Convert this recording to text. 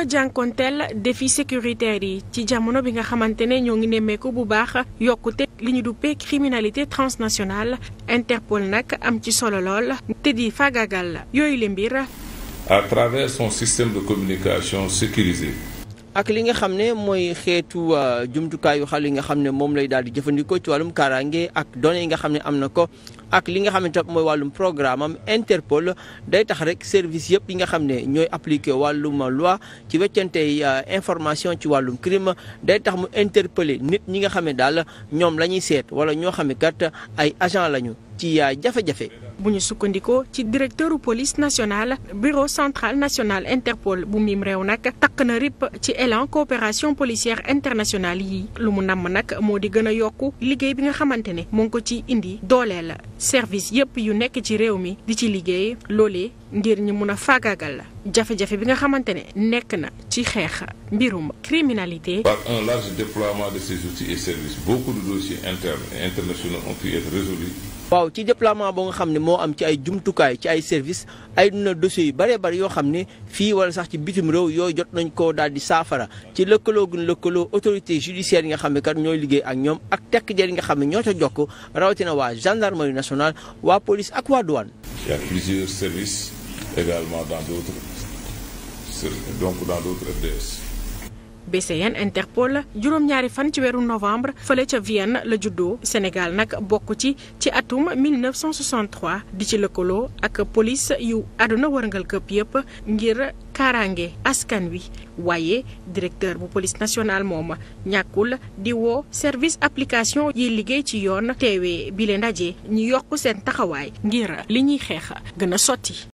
a jànkonteel défi sécuritaire yi ci jamono bi nga xamante ne ñoo ngi nemmeeku bu baax yokkute li ñu duppee criminalité transnationale Interpol nag am ci solo lool te di fagagal yooyu le mbir. à travers son système de communication sécurisé. ak li nga xam ne mooy xeetu euh, jumtukaayu xal yi nga xam ne moom lay daal di jëfandikoo ci wàllum kaaraange ak données yi nga xam ne am na ko ak li nga xamante mooy wàllum programme am Interpol day tax rek service yëpp yi nga xam ne ñooy appliqué wàllum loi ci weccantey euh, information ci wàllum crime day tax mu interpellé nit ñi nga xam ne daal ñoom la ñuy seet wala ñoo xam ne kat ay agent lañu ci euh, jafe-jafe bu ñu sukkandikoo ci directeur police nationale bureau central national Interpol bu mim réew nag takk na rip ci élan coopération policière internationale yi lu mu namm nag moo di gën a yokk liggéey bi nga xamante ne moo ngi ko ci indi dooleel service yépp yu nekk ci réew mi di ci liggéey loolee ngir ñi mun a faagaagal jafe-jafe bi nga xamante ne nekk na ci xeex mbirum criminalité. Par un large déploiement de ces outils et services, beaucoup de dossiers internes waaw ci déploiement boo nga xam ne moo am ci ay jumtukaay ci ay service ay duna dossiers yu bëree bëri yoo xam ne fii wala sax ci bitim réew yooyu jot nañ ko daal di saafara ci lëkkaloo gun lëkkaloo autorité judiciaire yi nga xam ne kat ñooy liggéey ak ñoom ak tekk jër yi nga xam ne ñoo ca jokk rawatina waa gendarmerie nationale waa police ak waa douane. Il y a plusieurs services également dans d'autres donc dans BCN Interpol juróom-ñaari fan ci weeru novembre fële ca Vienne la juddoo Sénégal nag bokk ci ci atum 1963 di ci lëkkaloo ak police yu àdduna wërngal këpp yépp ngir kaaraange askan wi waaye directeur bu police nationale moom ñàkkul di woo service application yi liggéey ci yoon teewee bile ndaje ñu yokk seen taxawaay ngir li ñuy xeex gën a sotti